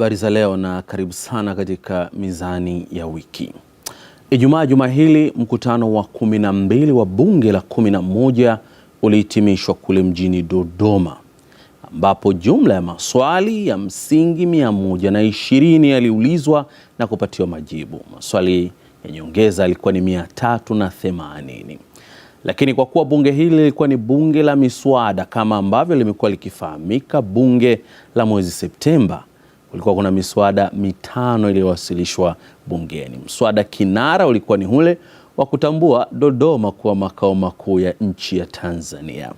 habari za leo na karibu sana katika mizani ya wiki. Ijumaa juma hili mkutano wa kumi na mbili wa bunge la kumi na moja ulihitimishwa kule mjini Dodoma, ambapo jumla ya maswali ya msingi mia moja na ishirini yaliulizwa na kupatiwa majibu. Maswali ya nyongeza yalikuwa ni mia tatu na themanini lakini kwa kuwa bunge hili lilikuwa ni bunge la miswada kama ambavyo limekuwa likifahamika, bunge la mwezi Septemba, kulikuwa kuna miswada mitano iliyowasilishwa bungeni. Mswada kinara ulikuwa ni ule wa kutambua Dodoma kuwa makao makuu ya nchi ya Tanzania.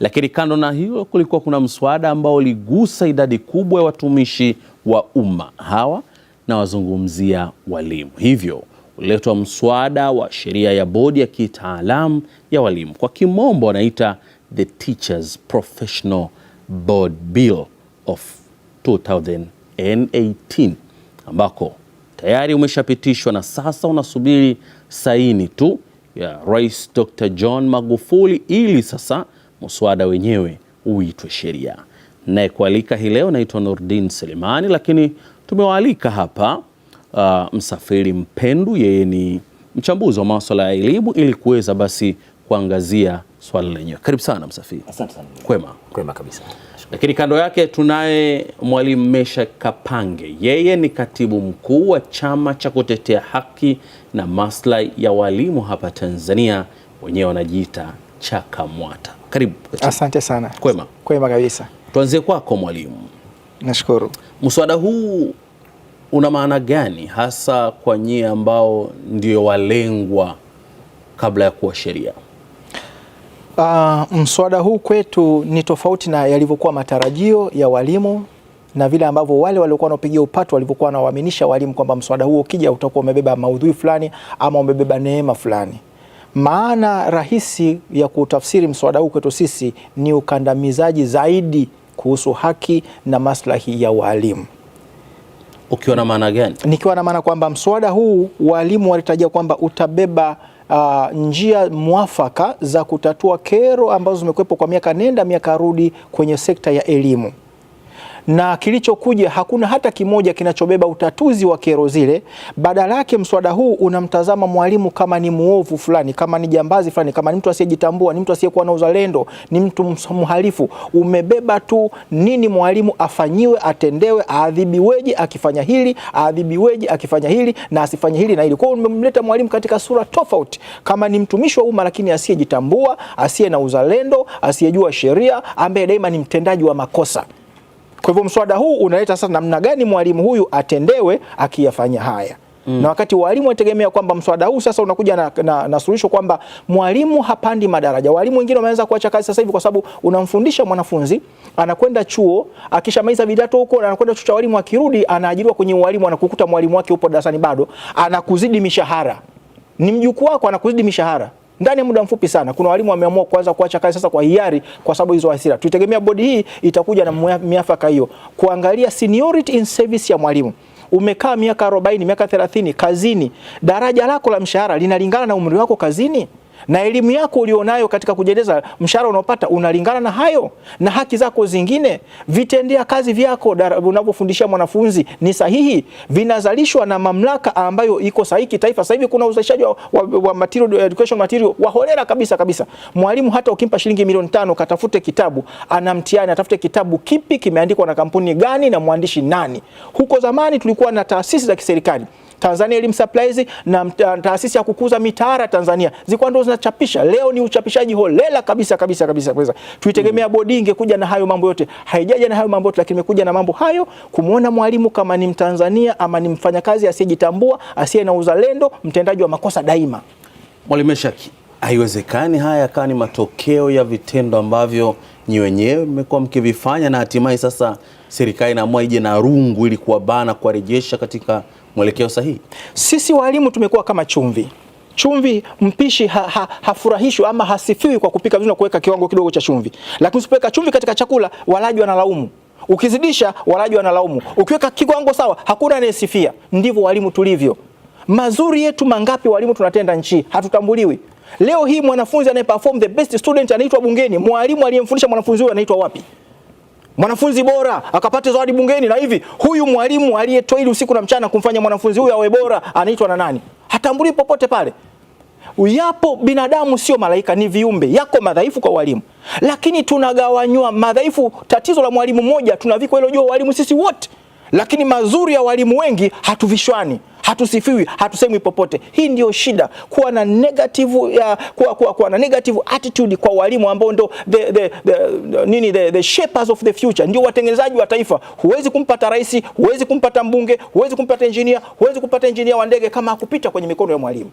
Lakini kando na hilo, kulikuwa kuna mswada ambao uligusa idadi kubwa ya watumishi wa umma, hawa na wazungumzia walimu. Hivyo uletwa mswada wa sheria ya bodi ya kitaalamu ya walimu, kwa kimombo wanaita the Teachers Professional Board Bill of 2000 N18 ambako tayari umeshapitishwa na sasa unasubiri saini tu ya Rais Dr. John Magufuli ili sasa muswada wenyewe uitwe sheria. Naye kualika hii leo naitwa Nurdin Selemani, lakini tumewaalika hapa uh, Msafiri Mpendu, yeye ni mchambuzi wa masuala ya elimu ili kuweza basi kuangazia swala lenyewe. Karibu sana Msafiri. Asante sana. Kwema. Kwema kabisa. Lakini kando yake tunaye Mwalimu mesha Kapange, yeye ni katibu mkuu wa chama cha kutetea haki na maslahi ya walimu hapa Tanzania, wenyewe wanajiita CHAKAMWATA. Karibu. Asante sana. Kwema? Kwema kabisa. Tuanzie kwako mwalimu. Nashukuru. Mswada huu una maana gani hasa kwa nyie ambao ndio walengwa kabla ya kuwa sheria? Uh, mswada huu kwetu ni tofauti na yalivyokuwa matarajio ya walimu na vile ambavyo wale waliokuwa wanapigia upato walivyokuwa wanawaaminisha walimu kwamba mswada huo ukija utakuwa umebeba maudhui fulani ama umebeba neema fulani. Maana rahisi ya kutafsiri mswada huu kwetu sisi ni ukandamizaji zaidi kuhusu haki na maslahi ya walimu. Ukiwa na maana gani? Nikiwa na maana kwamba mswada huu walimu walitarajia kwamba utabeba uh, njia mwafaka za kutatua kero ambazo zimekuwepo kwa miaka nenda miaka rudi kwenye sekta ya elimu na kilichokuja hakuna hata kimoja kinachobeba utatuzi wa kero zile. Badala yake mswada huu unamtazama mwalimu kama ni muovu fulani, kama ni jambazi fulani, kama ni mtu asiyejitambua, ni mtu asiyekuwa na uzalendo, ni mtu mhalifu. Umebeba tu nini mwalimu afanyiwe, atendewe, aadhibiweje akifanya hili, aadhibiweje akifanya hili na asifanye hili na hili. Kwa hiyo umemleta mwalimu katika sura tofauti, kama ni mtumishi wa umma lakini asiyejitambua, asiye na uzalendo, asiyejua sheria, ambaye daima ni mtendaji wa makosa. Kwa hivyo mswada huu unaleta sasa namna gani mwalimu huyu atendewe akiyafanya haya. Mm. Na wakati walimu wategemea kwamba mswada huu sasa unakuja na, na, na suluhisho kwamba mwalimu hapandi madaraja. Walimu wengine wameanza kuacha kazi sasa hivi kwa sababu unamfundisha mwanafunzi anakwenda chuo, akishamaliza vidato huko na anakwenda chuo cha walimu, akirudi anaajiriwa kwenye walimu, anakukuta mwalimu wake upo darasani bado, anakuzidi mishahara. Ni mjukuu wako, anakuzidi mishahara ndani ya muda mfupi sana. Kuna walimu wameamua kuanza kuacha kazi sasa kwa hiari, kwa sababu hizo hasira. Tuitegemea bodi hii itakuja na miafaka hiyo, kuangalia seniority in service ya mwalimu umekaa miaka 40 miaka 30 kazini, daraja lako la mshahara linalingana na umri wako kazini na elimu yako ulionayo katika kujieleza, mshahara unaopata unalingana na hayo, na haki zako zingine, vitendea kazi vyako unavyofundishia mwanafunzi ni sahihi, vinazalishwa na mamlaka ambayo iko sahihi taifa Sasa hivi kuna uzalishaji wa, wa, wa material, education material wa holera kabisa kabisa. Mwalimu hata ukimpa shilingi milioni tano katafute kitabu, ana mtihani atafute kitabu kipi kimeandikwa na kampuni gani na mwandishi nani. Huko zamani tulikuwa na taasisi za kiserikali Tanzania Elimu Supplies na taasisi ya kukuza mitaala Tanzania zilikuwa ndio zinachapisha. Leo ni uchapishaji holela kabisa kabisa kabisa kabisa. Tuitegemea mm. bodi ingekuja na hayo mambo yote, haijaja na hayo mambo yote, lakini imekuja na mambo hayo, kumwona mwalimu kama ni Mtanzania ama ni mfanyakazi asiyejitambua, asiye na uzalendo, mtendaji wa makosa daima. Mwalimu Meshaki, haiwezekani haya yakawa ni matokeo ya vitendo ambavyo nyi wenyewe mmekuwa mkivifanya na hatimaye sasa serikali inaamua ije na rungu ili kuwabana, kuwarejesha katika mwelekeo sahihi. Sisi walimu tumekuwa kama chumvi chumvi mpishi ha, ha, hafurahishwi ama hasifiwi kwa kupika vizuri na kuweka kiwango kidogo cha chumvi, lakini usipoweka chumvi katika chakula, walaji wanalaumu. Ukizidisha, walaji wanalaumu. Ukiweka kiwango sawa, hakuna anayesifia. Ndivyo walimu tulivyo. Mazuri yetu mangapi walimu tunatenda nchi, hatutambuliwi. Leo hii mwanafunzi anayeperform the best student anaitwa bungeni. Mwalimu aliyemfundisha mwanafunzi huyo anaitwa wapi? mwanafunzi bora akapata zawadi bungeni. Na hivi huyu mwalimu aliyetoa usiku na mchana kumfanya mwanafunzi huyu awe bora anaitwa na nani? hatambuli popote pale. Yapo binadamu, sio malaika, ni viumbe. Yako madhaifu kwa walimu, lakini tunagawanywa madhaifu. Tatizo la mwalimu mmoja tunavikwa hilo juu walimu sisi wote lakini mazuri ya walimu wengi hatuvishwani, hatusifiwi, hatusemwi popote. Hii ndio shida, kuwa na negative, ya, uh, kuwa, kuwa, kuwa na negative attitude kwa walimu ambao ndo the, the, the, nini the, the shapers of the future, ndio watengenezaji wa taifa. Huwezi kumpata rais, huwezi kumpata mbunge, huwezi kumpata engineer, huwezi kumpata engineer wa ndege kama hakupita kwenye mikono ya mwalimu.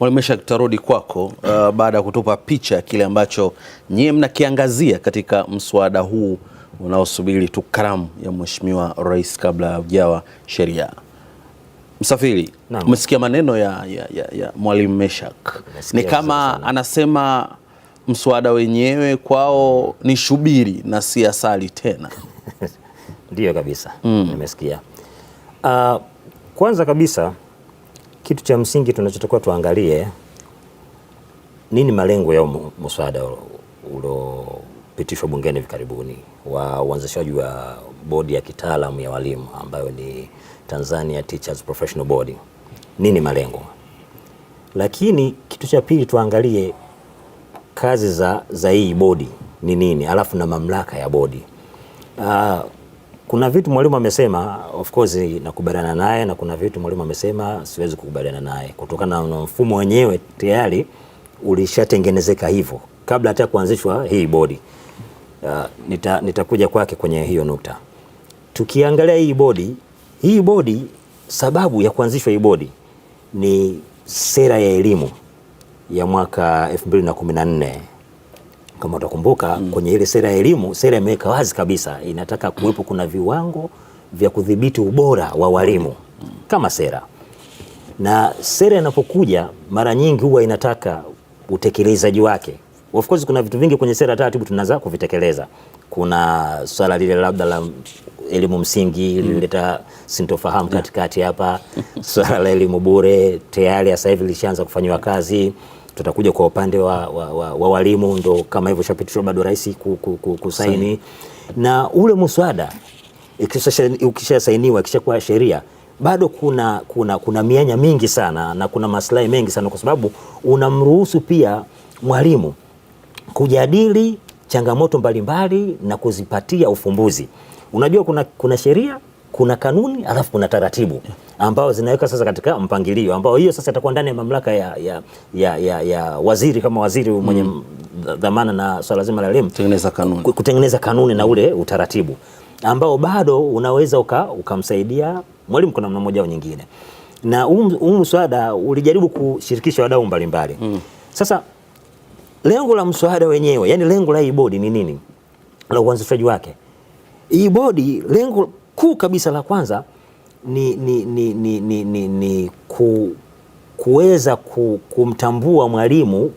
Mwalimu Meshack, tutarudi kwako uh, baada ya kutupa picha ya kile ambacho nyie mnakiangazia katika mswada huu unaosubiri tu karamu ya Mheshimiwa Rais kabla ya ujawa sheria. Msafiri, umesikia maneno ya, ya, ya, ya Mwalimu Meshak, ni kama anasema mswada wenyewe kwao ni shubiri na si asali tena. Ndiyo kabisa mm. Nimesikia uh, kwanza kabisa kitu cha msingi tunachotakiwa tuangalie nini malengo ya mswada ulio uliopitishwa bungeni hivi karibuni wa uanzishaji wa bodi ya kitaalamu ya walimu ambayo ni Tanzania Teachers Professional Board. Nini malengo? Lakini kitu cha pili tuangalie kazi za, za hii bodi ni nini, alafu na mamlaka ya bodi. Uh, kuna vitu mwalimu amesema, of course nakubaliana naye, na kuna vitu mwalimu amesema siwezi kukubaliana naye kutokana na mfumo wenyewe tayari ulishatengenezeka hivyo kabla hata kuanzishwa hii bodi uh, nita, nitakuja kwake kwenye hiyo nukta. Tukiangalia hii bodi, hii bodi, sababu ya kuanzishwa hii bodi ni sera ya elimu ya mwaka 2014 kama utakumbuka, hmm. kwenye ile sera ya elimu, sera imeweka wazi kabisa inataka kuwepo kuna viwango vya kudhibiti ubora wa walimu kama sera, na sera inapokuja mara nyingi huwa inataka utekelezaji wake Of course kuna vitu vingi kwenye sera taratibu tunaanza kuvitekeleza. Kuna swala lile labda la elimu msingi mm. lilileta mm. sintofahamu katikati hapa swala la elimu bure tayari sasa hivi lishaanza kufanywa kazi. Tutakuja kwa upande wa, wa, wa, wa walimu ndo kama hivyo shapitishwa bado rais kusaini na ule muswada ukishasainiwa ikishakuwa sheria bado kuna, kuna, kuna mianya mingi sana na kuna maslahi mengi sana kwa sababu unamruhusu pia mwalimu kujadili changamoto mbalimbali na kuzipatia ufumbuzi. Unajua kuna, kuna sheria kuna kanuni alafu kuna taratibu ambao zinaweka sasa katika mpangilio ambao hiyo sasa itakuwa ndani ya mamlaka ya, ya, ya, ya, ya waziri kama waziri mwenye mm. dhamana na swala zima la elimu kutengeneza kanuni, kutengeneza kanuni na ule utaratibu ambao bado unaweza ukamsaidia uka mwalimu kwa namna moja au nyingine, na huu um, mswada ulijaribu kushirikisha wadau mbalimbali mm. Sasa lengo la mswada wenyewe, yani lengo la hii bodi ni nini, la uanzishaji wake hii bodi, lengo kuu kabisa la kwanza ni, ni, ni, ni, ni, ni, ni ku, kuweza ku, kumtambua mwalimu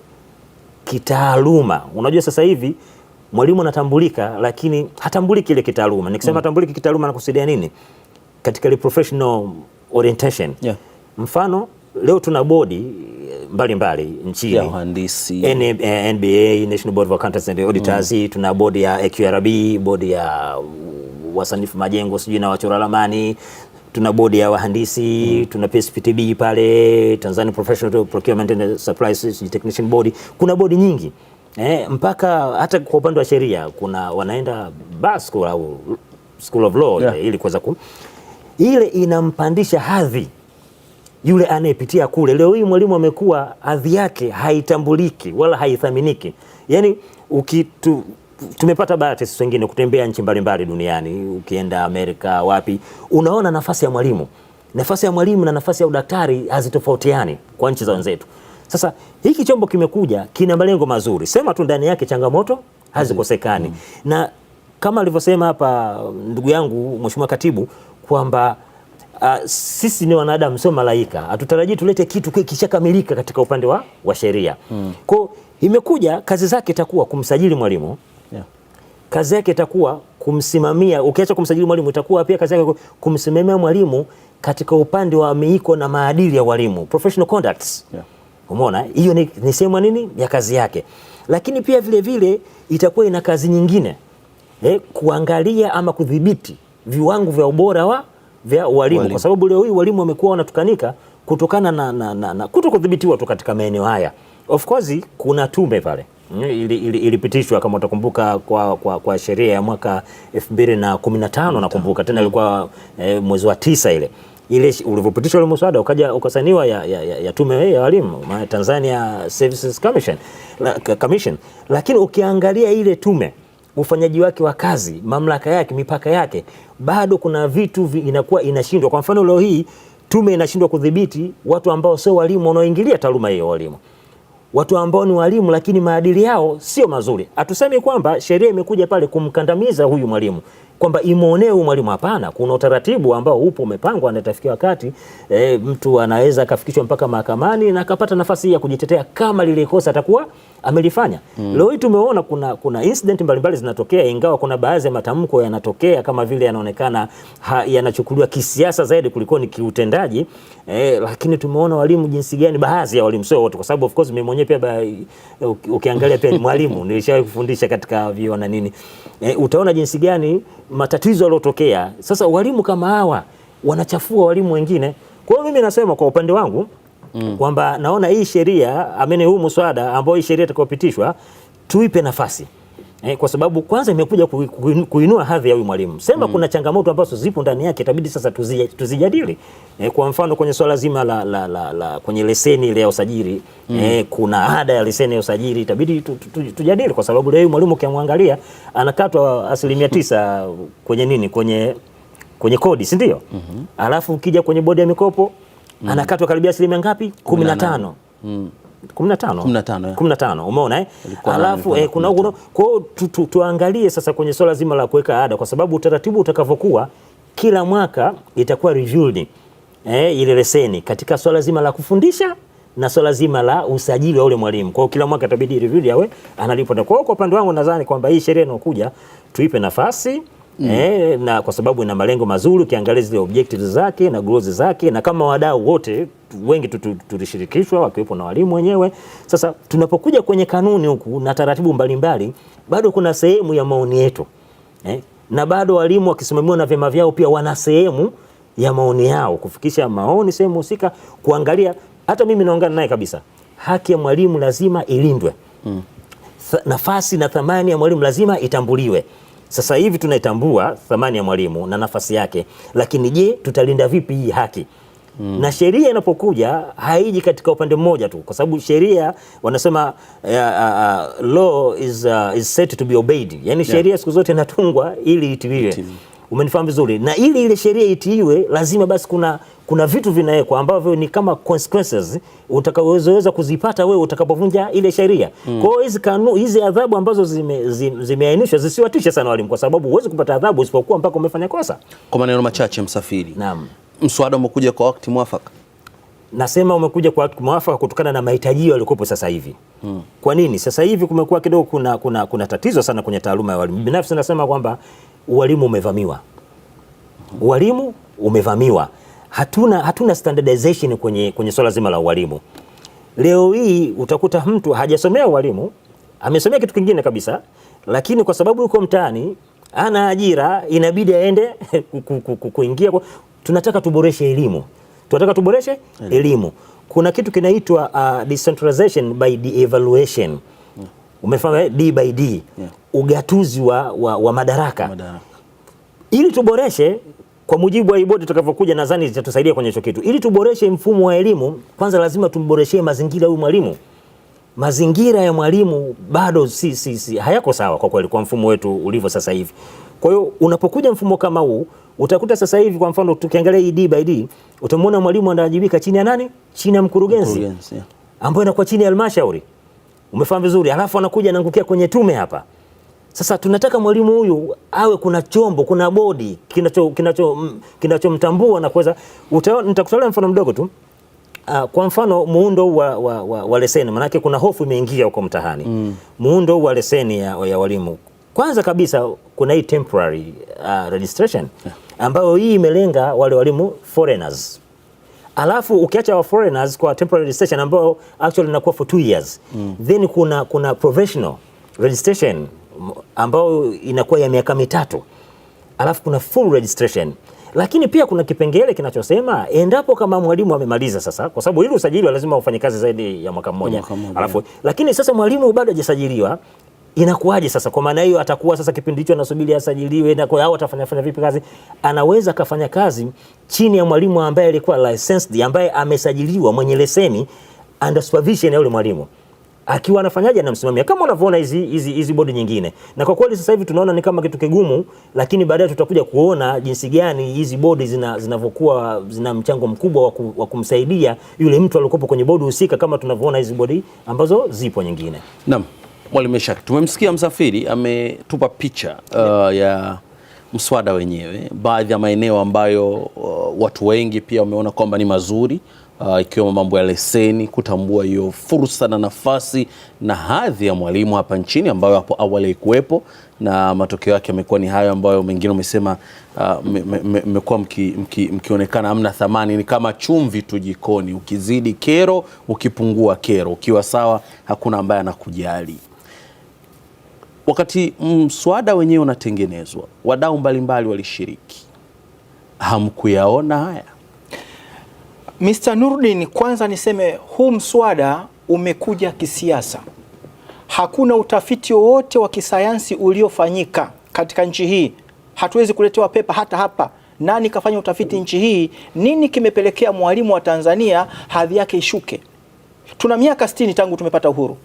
kitaaluma. Unajua sasa hivi mwalimu anatambulika, lakini hatambuliki ile kitaaluma. Nikisema mm. hatambuliki kitaaluma, nakusudia nini katika ile professional orientation yeah. Mfano leo tuna bodi mbalimbali nchini ya uhandisi NBA, eh, National Board of Accountants and Auditors mm. tuna bodi ya AQRB, bodi ya wasanifu majengo sijui na wachora ramani tuna bodi ya wahandisi mm. tuna PSPTB pale Tanzania Professional Procurement and Supplies Technician Board. Kuna bodi nyingi eh, mpaka hata kwa upande wa sheria kuna wanaenda bar school au school of law yeah. ili kuweza ku ile inampandisha hadhi yule anayepitia kule. Leo hii mwalimu amekuwa hadhi yake haitambuliki wala haithaminiki. Yani ukitu, tumepata bahati sisi wengine kutembea nchi mbalimbali duniani, ukienda Amerika wapi, unaona nafasi ya mwalimu, nafasi ya mwalimu na nafasi ya udaktari hazitofautiani kwa nchi za wenzetu. Sasa hiki chombo kimekuja, kina malengo mazuri, sema tu ndani yake changamoto hazikosekani. mm -hmm. na kama alivyosema hapa ndugu yangu Mheshimiwa Katibu kwamba Uh, sisi ni wanadamu, sio malaika. Hatutarajii tulete kitu kishakamilika katika upande wa, wa sheria mm. Kwa imekuja kazi zake itakuwa kumsajili mwalimu yeah. Kazi yake itakuwa kumsimamia, ukiacha kumsajili mwalimu itakuwa pia kazi yake kumsimamia mwalimu katika upande wa miiko na maadili ya walimu, professional conducts yeah. Umeona, hiyo ni, ni sehemu nini ya kazi yake, lakini pia vile vile itakuwa ina kazi nyingine eh, kuangalia ama kudhibiti viwango vya ubora wa vya walimu, Kwa sababu leo hii walimu wamekuwa wanatukanika kutokana na, na, na, na kuto kudhibitiwa tu katika maeneo haya. Of course kuna tume pale ilipitishwa mm, ili, ili kama utakumbuka kwa, kwa, kwa sheria ya mwaka 2015 nakumbuka tena mm. ilikuwa e, mwezi wa tisa ile ile ulivyopitishwa ule mswada ukaja ukasaniwa ya, ya, ya, ya tume ya walimu Tanzania Services Commission, la, Commission, lakini ukiangalia ile tume ufanyaji wake wa kazi, mamlaka yake, mipaka yake, bado kuna vitu vi inakuwa inashindwa. Kwa mfano leo hii tume inashindwa kudhibiti watu ambao sio walimu wanaoingilia taaluma hiyo walimu watu ambao ni walimu lakini maadili yao sio mazuri. Hatusemi kwamba sheria imekuja pale kumkandamiza huyu mwalimu, kwamba imwonee huyu mwalimu. Hapana, kuna utaratibu ambao upo umepangwa, na itafikia wakati e, mtu anaweza akafikishwa mpaka mahakamani na akapata nafasi hii ya kujitetea kama lile kosa atakuwa amelifanya. Hmm. Leo hii tumeona kuna, kuna incident mbalimbali zinatokea, ingawa kuna baadhi ya matamko yanatokea kama vile yanaonekana yanachukuliwa kisiasa zaidi kuliko ni kiutendaji eh, lakini tumeona walimu jinsi gani, baadhi ya walimu, sio wote, kwa sababu of course mimi mwenyewe pia ba, ukiangalia pia ni mwalimu nilishawahi kufundisha katika vyuo na nini eh, utaona jinsi gani matatizo yaliyotokea. Sasa walimu kama hawa wanachafua walimu wengine. Kwa hiyo mimi nasema kwa upande wangu mm. kwamba naona hii sheria amene huu mswada ambao hii sheria itakayopitishwa tuipe nafasi. Eh, kwa sababu kwanza imekuja kuinua hadhi ya huyu mwalimu. Sema mm. kuna changamoto ambazo zipo ndani yake itabidi sasa tuzijadili. Eh, kwa mfano kwenye swala zima la, la, la, la kwenye leseni ile ya usajili mm. eh, kuna ada ya leseni ya usajili itabidi tujadili kwa sababu leo mwalimu ukimwangalia anakatwa asilimia tisa kwenye nini? Kwenye kwenye kodi, si ndio? mm -hmm. Alafu ukija kwenye bodi ya mikopo mm anakatwa karibia asilimia ngapi? 15. Mm. 15 umeona eh, alafu eh, kuna Kwa tu, tu, tuangalie sasa kwenye swala zima la kuweka ada, kwa sababu utaratibu utakavyokuwa kila mwaka itakuwa reviewed eh, ile leseni katika swala zima la kufundisha na swala zima la usajili wa ule mwalimu. Kwa hiyo kila mwaka itabidi review yawe analipwa. Kwa hiyo kwa upande wangu nadhani kwamba hii sheria inayokuja tuipe nafasi mm. eh, na kwa sababu ina malengo mazuri, ukiangalia zile objectives zake na goals zake, na kama wadau wote wengi tulishirikishwa wakiwepo na walimu wenyewe. Sasa tunapokuja kwenye kanuni huku na taratibu mbalimbali, bado kuna sehemu ya maoni yetu eh, na bado walimu wakisimamiwa na vyama vyao pia wana sehemu ya maoni yao kufikisha maoni sehemu husika, kuangalia. Hata mimi naongana naye kabisa, haki ya mwalimu lazima ilindwe mm. nafasi na thamani ya mwalimu lazima itambuliwe. Sasa hivi tunaitambua thamani ya mwalimu na nafasi yake, lakini je, tutalinda vipi hii haki? Mm. Na sheria inapokuja haiji katika upande mmoja tu, kwa sababu sheria wanasema uh, uh, law is, uh, is set to be obeyed, yani yeah. Sheria siku zote inatungwa ili itiiwe. Umenifahamu vizuri? Na ili ile sheria itiiwe, lazima basi kuna kuna vitu vinawekwa ambavyo ni kama consequences utakaoweza kuzipata wewe utakapovunja ile sheria. Mm. Kwa hiyo hizi kanu hizi adhabu ambazo zimeainishwa zime, zime zisiwatishe sana walimu, kwa sababu huwezi kupata adhabu usipokuwa mpaka umefanya kosa. Kwa maneno machache, Msafiri, naam, mswada umekuja kwa wakati mwafaka. Nasema umekuja kwa wakati mwafaka kutokana na mahitaji yaliokuwepo sasa hivi. Mm. Kwa nini sasa hivi kumekuwa kidogo kuna, kuna, kuna tatizo sana kwenye taaluma ya walimu. Binafsi nasema kwamba ualimu umevamiwa, walimu umevamiwa. Hatuna, hatuna standardization kwenye, kwenye swala zima la walimu. Leo hii utakuta mtu hajasomea walimu, amesomea kitu kingine kabisa, lakini kwa sababu yuko mtaani ana ajira, inabidi aende kuingia. Tunataka tuboreshe elimu, tunataka tuboreshe elimu. Kuna kitu kinaitwa uh, decentralization by de-evaluation umefanya eh, D by D yeah. Ugatuzi wa, wa, wa madaraka, madaraka ili tuboreshe kwa mujibu wa ibodi tutakavyokuja, nadhani zitatusaidia kwenye hicho kitu. Ili tuboreshe mfumo wa elimu, kwanza lazima tumboreshee mazingira huyu mwalimu. Mazingira ya mwalimu bado si, si, si, hayako sawa kwa kweli, kwa mfumo wetu ulivyo sasa hivi. Kwa hiyo unapokuja mfumo kama huu utakuta sasa hivi, kwa mfano tukiangalia hii D by D, utamwona mwalimu anawajibika chini ya nani? Chini ya mkurugenzi, mkurugenzi yeah. ambayo inakuwa chini ya halmashauri. Umefahamu vizuri, alafu anakuja anaangukia kwenye tume hapa. Sasa tunataka mwalimu huyu awe kuna chombo, kuna bodi kinachomtambua kinacho, kinacho na kuweza. Nitakutolea mfano mdogo tu. Uh, kwa mfano muundo wa, wa, wa, wa leseni, maanake kuna hofu imeingia huko mtahani mm. Muundo wa leseni ya, ya walimu, kwanza kabisa kuna hii temporary uh, registration ambayo hii imelenga wale walimu foreigners alafu ukiacha wa foreigners kwa temporary registration ambao actually inakuwa for 2 years mm. Then kuna, kuna professional registration ambayo inakuwa ya miaka mitatu, alafu kuna full registration lakini pia kuna kipengele kinachosema endapo kama mwalimu amemaliza sasa, kwa sababu ili usajili lazima ufanye kazi zaidi ya mwaka mmoja, alafu lakini sasa mwalimu bado hajasajiliwa, inakuwaje sasa? Kwa maana hiyo atakuwa sasa kipindi hicho anasubiri asajiliwe na kwa hao atafanya fanya vipi kazi? Anaweza kafanya kazi chini ya mwalimu ambaye alikuwa licensed, ambaye amesajiliwa, mwenye leseni under supervision ya yule mwalimu akiwa anafanyaje, anamsimamia kama unavyoona hizi hizi hizi bodi nyingine. Na kwa kweli sasa hivi tunaona ni kama kitu kigumu, lakini baadaye tutakuja kuona jinsi gani hizi bodi zina zinavyokuwa zina mchango mkubwa wa waku, kumsaidia yule mtu aliyokuwa kwenye bodi husika, kama tunavyoona hizi bodi ambazo zipo nyingine. Naam. Mwalimu tumemsikia Msafiri ametupa picha uh, ya mswada wenyewe, baadhi ya maeneo ambayo uh, watu wengi pia wameona kwamba ni mazuri uh, ikiwemo mambo ya leseni, kutambua hiyo fursa na nafasi na hadhi ya mwalimu hapa nchini ambayo hapo awali haikuwepo, na matokeo yake yamekuwa ni hayo ambayo mengine umesema uh, mmekuwa uh, mki, mki, mkionekana hamna thamani, ni kama chumvi tu jikoni, ukizidi kero, ukipungua kero, ukiwa sawa hakuna ambaye anakujali. Wakati mswada wenyewe unatengenezwa, wadau mbalimbali walishiriki, hamkuyaona haya? Mr. Nurdin, kwanza niseme huu mswada umekuja kisiasa. Hakuna utafiti wowote wa kisayansi uliofanyika katika nchi hii. Hatuwezi kuletewa pepa hata hapa. Nani kafanya utafiti nchi hii? Nini kimepelekea mwalimu wa Tanzania hadhi yake ishuke? Tuna miaka 60 tangu tumepata uhuru.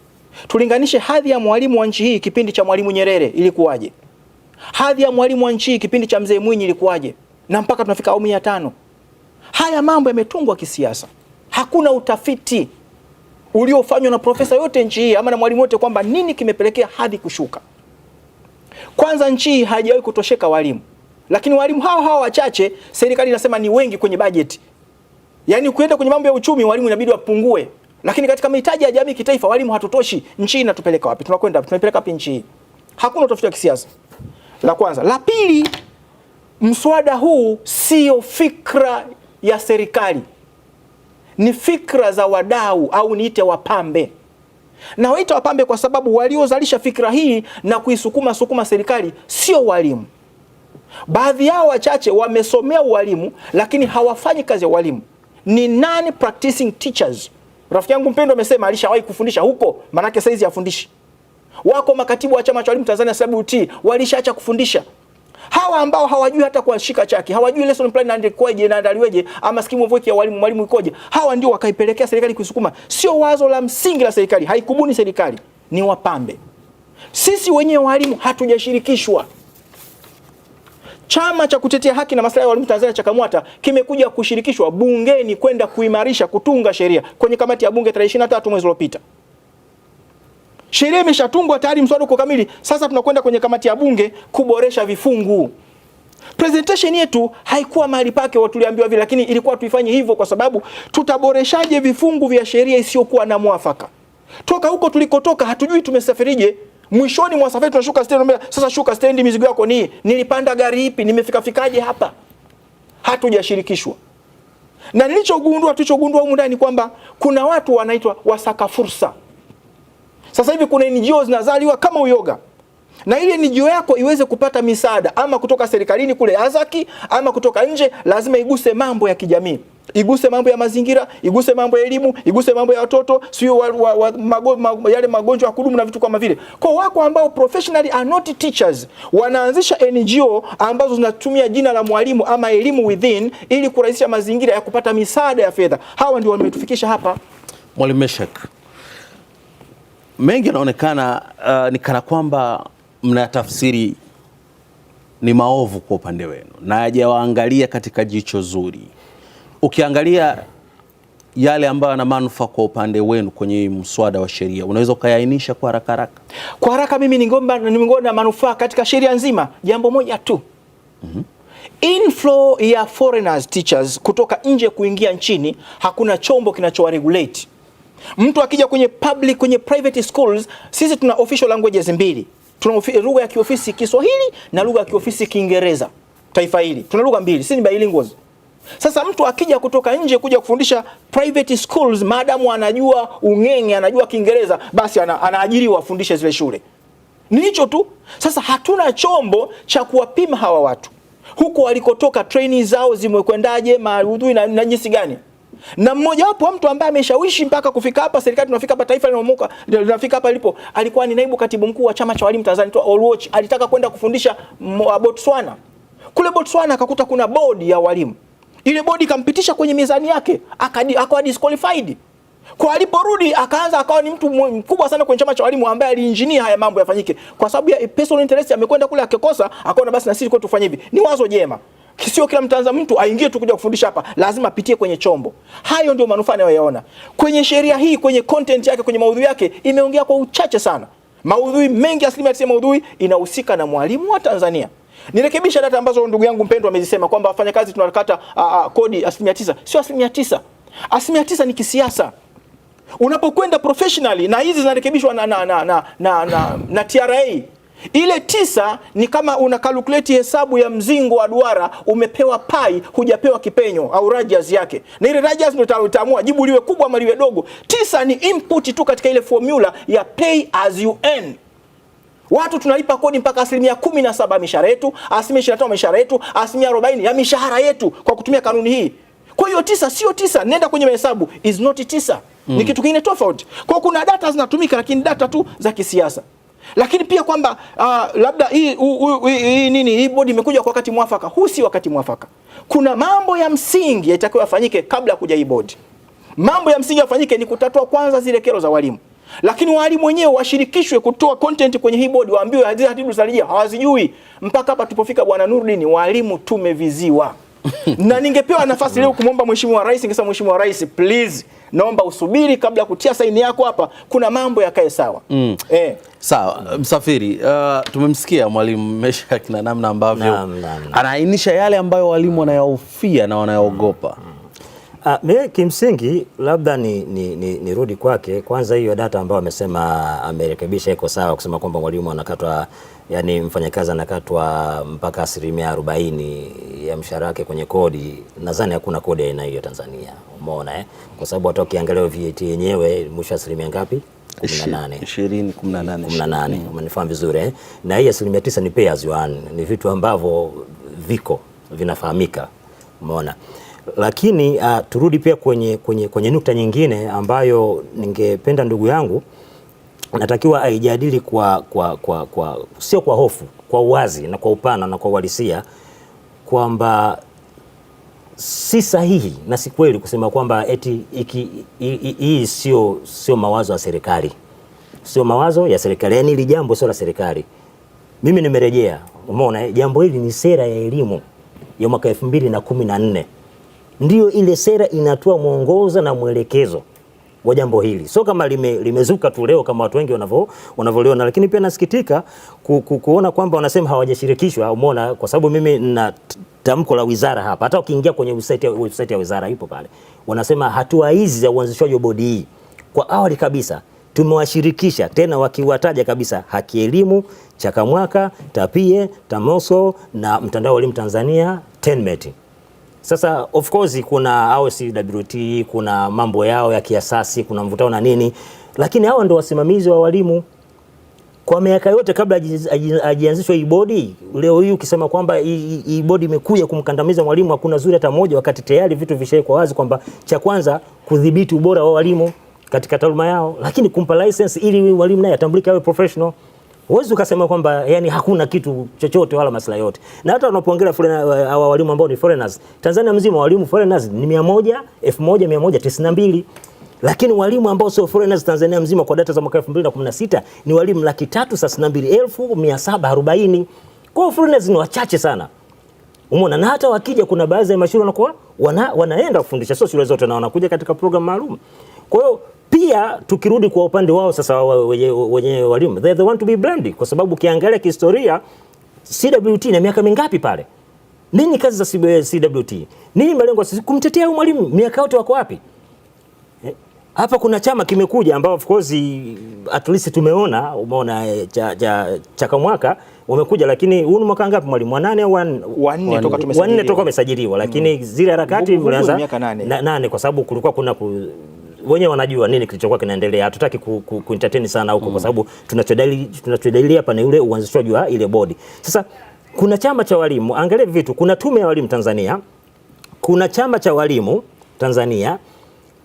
Tulinganishe hadhi ya mwalimu wa nchi hii kipindi cha Mwalimu Nyerere ilikuwaje? Hadhi ya mwalimu wa nchi hii kipindi cha Mzee Mwinyi ilikuwaje? Na mpaka tunafika awamu ya tano, haya mambo yametungwa kisiasa. Hakuna utafiti uliofanywa na profesa yote nchi hii ama na mwalimu wote kwamba nini kimepelekea hadhi kushuka. Kwanza, nchi hii haijawahi kutosheka walimu, lakini walimu hao hao wachache serikali inasema ni wengi kwenye bajeti. Yaani ukienda kwenye mambo ya uchumi, walimu inabidi wapungue. Lakini katika mahitaji ya jamii kitaifa, walimu hatutoshi. Nchi inatupeleka wapi? Tunakwenda Tunapeleka wapi nchi Hakuna utafiti wa kisiasa, la kwanza. La pili, mswada huu sio fikra ya serikali, ni fikra za wadau au niite wapambe. Na waita wapambe kwa sababu waliozalisha fikra hii na kuisukuma sukuma serikali sio walimu. Baadhi yao wachache wamesomea ualimu, lakini hawafanyi kazi ya ualimu. Ni non practicing teachers Rafiki yangu mpendwa amesema alishawahi kufundisha huko, manake saizi afundishi Wako makatibu wa chama cha walimu Tanzania CWT walishaacha kufundisha. Hawa ambao hawajui hata kuashika chaki, hawajui lesson plan inaandikwaje na andaliweje, ama skimu work ya walimu mwalimu ikoje, hawa ndio wakaipelekea serikali kuisukuma Sio wazo la msingi la serikali, haikubuni serikali, ni wapambe. Sisi wenyewe walimu hatujashirikishwa. Chama cha kutetea haki na maslahi ya walimu Tanzania cha Kamwata kimekuja kushirikishwa bungeni kwenda kuimarisha kutunga sheria kwenye kamati ya bunge tarehe 23 mwezi uliopita. Sheria imeshatungwa tayari, mswada uko kamili. Sasa tunakwenda kwenye kamati ya bunge kuboresha vifungu. Presentation yetu haikuwa mahali pake, watu tuliambiwa vile, lakini ilikuwa tuifanye hivyo kwa sababu tutaboreshaje vifungu vya sheria isiyokuwa na mwafaka? Toka huko tulikotoka hatujui tumesafirije. Mwishoni mwa safari tunashuka stendi, anambia sasa, shuka stendi, mizigo yako ni nilipanda gari ipi, nimefika fikaje hapa? Hatujashirikishwa. Na nilichogundua, tulichogundua huko ndani kwamba kuna watu wanaitwa wasaka fursa. Sasa hivi kuna NGO zinazaliwa kama uyoga na ile NGO yako iweze kupata misaada ama kutoka serikalini kule Azaki ama kutoka nje, lazima iguse mambo ya kijamii iguse mambo ya mazingira, iguse mambo ya elimu, iguse mambo ya watoto, sio wa, wa, wa, mago, ma, yale magonjwa ya kudumu na vitu kama vile. Kwa wako ambao professionally are not teachers, wanaanzisha NGO ambazo zinatumia jina la mwalimu ama elimu within ili kurahisisha mazingira ya kupata misaada ya fedha. Hawa ndio wametufikisha hapa. Mwalimu Meshak, mengi yanaonekana uh, ni kana kwamba mnatafsiri ni maovu kwa upande wenu na hajawaangalia katika jicho zuri ukiangalia yale ambayo yana manufaa kwa upande wenu kwenye mswada wa sheria unaweza ukayaainisha kwa haraka haraka? Kwa haraka, mimi ningomba ningeona manufaa katika sheria nzima jambo moja tu, mm -hmm. Inflow ya foreigners teachers kutoka nje kuingia nchini, hakuna chombo kinachowaregulate. Mtu akija kwenye public, kwenye private schools, sisi tuna official languages mbili, tuna lugha ya kiofisi Kiswahili na lugha ya kiofisi Kiingereza. Taifa hili tuna lugha mbili, sisi ni bilinguals sasa mtu akija kutoka nje kuja kufundisha private schools, maadamu anajua ung'enge, anajua Kiingereza, basi ana, anaajiriwa afundishe zile shule. Ni hicho tu. Sasa hatuna chombo cha kuwapima hawa watu huko walikotoka, training zao zimekwendaje, maudhui na, na jinsi gani na mmoja wapo mtu ambaye ameshawishi mpaka kufika hapa, serikali tunafika hapa, taifa linaomuka linafika hapa lipo, alikuwa ni naibu katibu mkuu wa chama cha walimu Tanzania Allwatch. Alitaka kwenda kufundisha Botswana. Kule Botswana akakuta kuna bodi ya walimu ile bodi ikampitisha kwenye mizani yake akawa disqualified. Kwa aliporudi akaanza akawa ni mtu mkubwa sana kwenye chama cha walimu ambaye aliinjinia haya mambo yafanyike, kwa sababu ya personal interest amekwenda kule akikosa, akaona basi na sisi kwetu tufanye hivi. Ni wazo jema, sio kila mtanzania mtu aingie tu kuja kufundisha hapa, lazima apitie kwenye chombo. Hayo ndio manufaa anayoyaona kwenye sheria hii, kwenye content yake, kwenye maudhui yake, imeongea kwa uchache sana maudhui mengi, asilimia 90 maudhui inahusika na mwalimu wa Tanzania. Nirekebisha data ambazo ndugu yangu mpendwa amezisema kwamba wafanyakazi tunakata uh, kodi asilimia tisa. Sio asilimia tisa, asilimia tisa ni kisiasa. Unapokwenda professionally na hizi zinarekebishwa na, na, na, na, na, na, na TRA ile tisa ni kama una calculate hesabu ya mzingo wa duara, umepewa pai, hujapewa kipenyo au radius yake, na ile radius ndio itaamua jibu liwe kubwa ama liwe dogo. Tisa ni input tu katika ile formula ya pay as you earn. Watu tunalipa kodi mpaka asilimia kumi na saba ya mishahara yetu, asilimia ishirini na tano ya mishahara yetu, asilimia arobaini ya mishahara yetu kwa kutumia kanuni hii. Kwa hiyo tisa sio tisa, nenda kwenye mahesabu is not tisa mm. Ni kitu kingine tofauti. Kwa kuna data zinatumika, lakini data tu za kisiasa lakini pia kwamba uh, labda hii hii nini hii bodi imekuja kwa wakati mwafaka. Huu si wakati mwafaka. Kuna mambo ya msingi yatakiwa yafanyike kabla ya kuja hii bodi. Mambo ya msingi yafanyike ni kutatua kwanza zile kero za walimu lakini walimu wenyewe washirikishwe kutoa content kwenye hii bodi, waambiwe hadithi hadidu salijia hawazijui. Mpaka hapa tupofika, Bwana Nurdin, walimu tumeviziwa na ningepewa nafasi leo kumwomba Mheshimiwa Rais, ningesema Mheshimiwa Rais, please naomba usubiri kabla ya kutia saini yako hapa, kuna mambo yakae sawa. mm. eh. Sawa Msafiri, uh, tumemsikia Mwalimu Meshack na namna ambavyo anaainisha yale ambayo walimu wanayahofia na wanayaogopa. mm. Ah, mimi kimsingi labda ni, ni, ni, ni rudi kwake kwanza, hiyo data ambayo amesema amerekebisha iko sawa, kusema kwamba mwalimu anakatwa, yani mfanyakazi anakatwa mpaka asilimia arobaini ya mshahara wake kwenye kodi. Nadhani hakuna kodi aina hiyo Tanzania, umeona eh? Kwa sababu hata ukiangalia VAT yenyewe mwisho asilimia ngapi? 18 20 18 18, umenifahamu vizuri eh? Na hii asilimia tisa ni pay as you earn, ni vitu ambavyo viko vinafahamika, umeona lakini uh, turudi pia kwenye, kwenye, kwenye nukta nyingine ambayo ningependa ndugu yangu natakiwa aijadili kwa, kwa, kwa, kwa, sio kwa hofu, kwa uwazi na kwa upana na kwa uhalisia kwamba si sahihi na si kweli kusema kwamba eti hii sio sio mawazo ya serikali, sio mawazo ya serikali. Yaani hili jambo sio la serikali. Mimi nimerejea, umeona eh, jambo hili ni sera ya elimu ya mwaka elfu mbili na kumi na nne ndiyo ile sera inatoa mwongozo na mwelekezo wa jambo hili, sio kama lime, limezuka tu leo kama watu wengi wanavyoliona. Lakini pia nasikitika ku, ku, kuona kwamba wanasema hawajashirikishwa. Umeona, kwa sababu mimi na tamko la wizara hapa, hata ukiingia kwenye website, website ya wizara ipo pale, wanasema hatua hizi za uanzishwaji wa bodi hii kwa awali kabisa tumewashirikisha tena, wakiwataja kabisa Haki Elimu, Chakamwaka, Tapie, Tamoso na mtandao wa elimu Tanzania TENMET. Sasa of course kuna CWT, kuna mambo yao ya kiasasi, kuna mvutano na nini, lakini hawa ndio wasimamizi wa walimu kwa miaka yote kabla ajianzishwa hii bodi. Leo hii ukisema kwamba hii bodi imekuja kumkandamiza mwalimu, hakuna zuri hata moja, wakati tayari vitu vishawekwa wazi kwamba cha kwanza kudhibiti ubora wa walimu katika taaluma yao, lakini kumpa license ili walimu naye atambulike awe professional. Huwezi ukasema kwamba yani hakuna kitu chochote wala maslahi yote. Na hata unapoongelea uh, hawa walimu ambao ni foreigners, Tanzania mzima walimu foreigners ni 100, 1192. Lakini walimu ambao sio foreigners Tanzania mzima kwa data za mwaka 2016 ni walimu laki tatu thelathini na mbili elfu mia saba arobaini. Kwa foreigners ni wachache sana. Umeona, na hata wakija kuna baadhi ya mashule wanakuwa wana, wanaenda kufundisha, sio shule zote na wanakuja katika program maalum. Kwa hiyo pia tukirudi kwa upande wao sasa, wenye walimu they, they want to be blamed, kwa sababu ukiangalia kihistoria CWT na miaka mingapi pale, nini kazi za CWT, nini malengo sisi kumtetea huyu mwalimu, miaka yote wako wapi? Eh, hapa kuna chama kimekuja ambao of course at least tumeona umeona eh, cha, cha, cha chakamwaka wamekuja, lakini huu ni mwaka ngapi mwalimu? Wanane au wanne toka tumesajiliwa, wanne toka wamesajiliwa, lakini mm. zile harakati zilianza nane, kwa sababu kulikuwa kuna ku, wenyewe wanajua nini kilichokuwa kinaendelea. Hatutaki ku, ku, ku entertain sana huko mm. kwa sababu tunachodai tunachodai hapa ni ule uanzishwaji wa ile bodi. Sasa kuna chama cha walimu, angalia vitu, kuna tume ya walimu Tanzania, kuna chama cha walimu Tanzania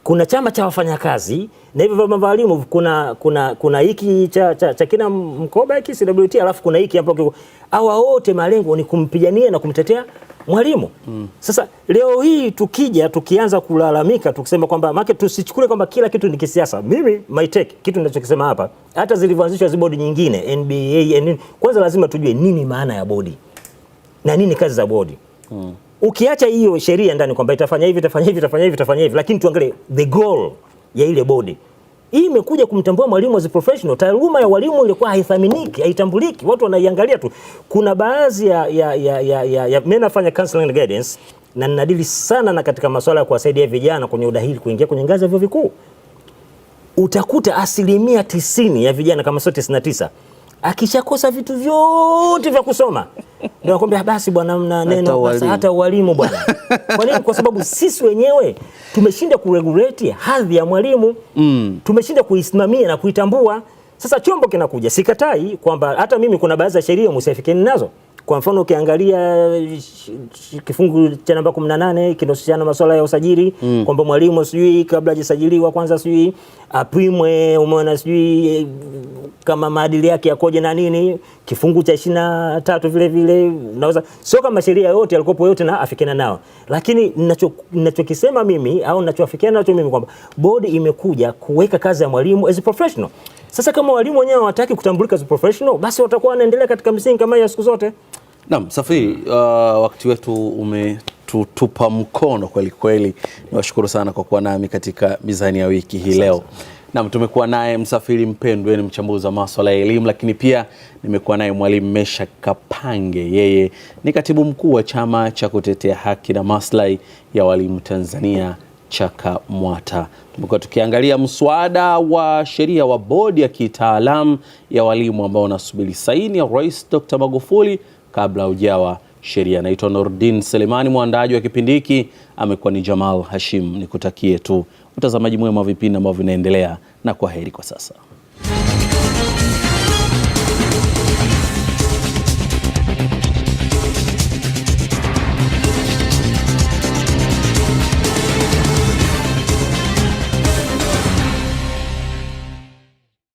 kuna chama cha wafanyakazi na hivyo vyama vya walimu, kuna kuna kuna hiki cha, cha, cha kina Mkoba hiki CWT, alafu kuna hiki hapo. Hawa wote malengo ni kumpigania na kumtetea mwalimu mm. Sasa leo hii tukija tukianza kulalamika tukisema kwamba make, tusichukule kwamba kila kitu ni kisiasa. Mimi my take kitu ninachokisema hapa, hata zilivyoanzishwa hizo bodi nyingine NBA, kwanza lazima tujue nini maana ya bodi na nini kazi za bodi mm ukiacha hiyo sheria ndani kwamba itafanya hivi itafanya hivi itafanya hivi itafanya hivi, lakini tuangalie the goal ya ile bodi hii imekuja kumtambua mwalimu as a professional. Taaluma ya walimu ilikuwa haithaminiki, haitambuliki, watu wanaiangalia tu. Kuna baadhi ya, ya, ya, ya, ya, ya mimi nafanya counseling and guidance na ninadili sana na katika masuala ya kuwasaidia vijana kwenye udahili kuingia kwenye ngazi ya vyuo vikuu, utakuta asilimia tisini ya vijana kama sio 99 akishakosa vitu vyote vya kusoma ndio nakwambia basi bwana, mna neno hata, hata ualimu bwana. Kwa nini? Kwa sababu sisi wenyewe tumeshinda kuregulate hadhi ya mwalimu mm. tumeshinda kuisimamia na kuitambua. Sasa chombo kinakuja, sikatai kwamba hata mimi kuna baadhi ya sheria msiafikiani nazo kwa mfano ukiangalia kifungu cha namba 18 kinahusiana na masuala ya usajili mm. kwamba mwalimu sijui kabla hajasajiliwa kwanza sijui apimwe, umeona sijui kama maadili yake yakoje na nini. Kifungu cha ishirini na tatu vile vile unaweza sio kama sheria yote alikopo yote na afikiana nao, lakini ninachokisema mimi au ninachoafikiana nacho mimi kwamba bodi imekuja kuweka kazi ya mwalimu as a professional sasa kama walimu wenyewe hawataki kutambulika as professional, basi watakuwa wanaendelea katika misingi kama ya siku zote. Naam, Safiri, uh, wakati wetu umetutupa mkono kweli kweli. Niwashukuru sana kwa kuwa nami katika Mizani ya Wiki hii leo. Naam, tumekuwa naye Msafiri mpendwa, ni mchambuzi wa masuala ya elimu, lakini pia nimekuwa naye Mwalimu Mesha Kapange, yeye ni katibu mkuu wa Chama cha Kutetea Haki na Maslahi ya Walimu Tanzania Chakamwata. Tumekuwa tukiangalia mswada wa sheria wa bodi ya kitaalamu ya walimu ambao unasubiri saini ya Rais Dr. Magufuli kabla ujawa sheria. Naitwa Nordin Selemani, mwandaji wa kipindi hiki amekuwa ni Jamal Hashim. Nikutakie tu utazamaji mwema wa vipindi ambavyo vinaendelea, na kwa heri kwa sasa.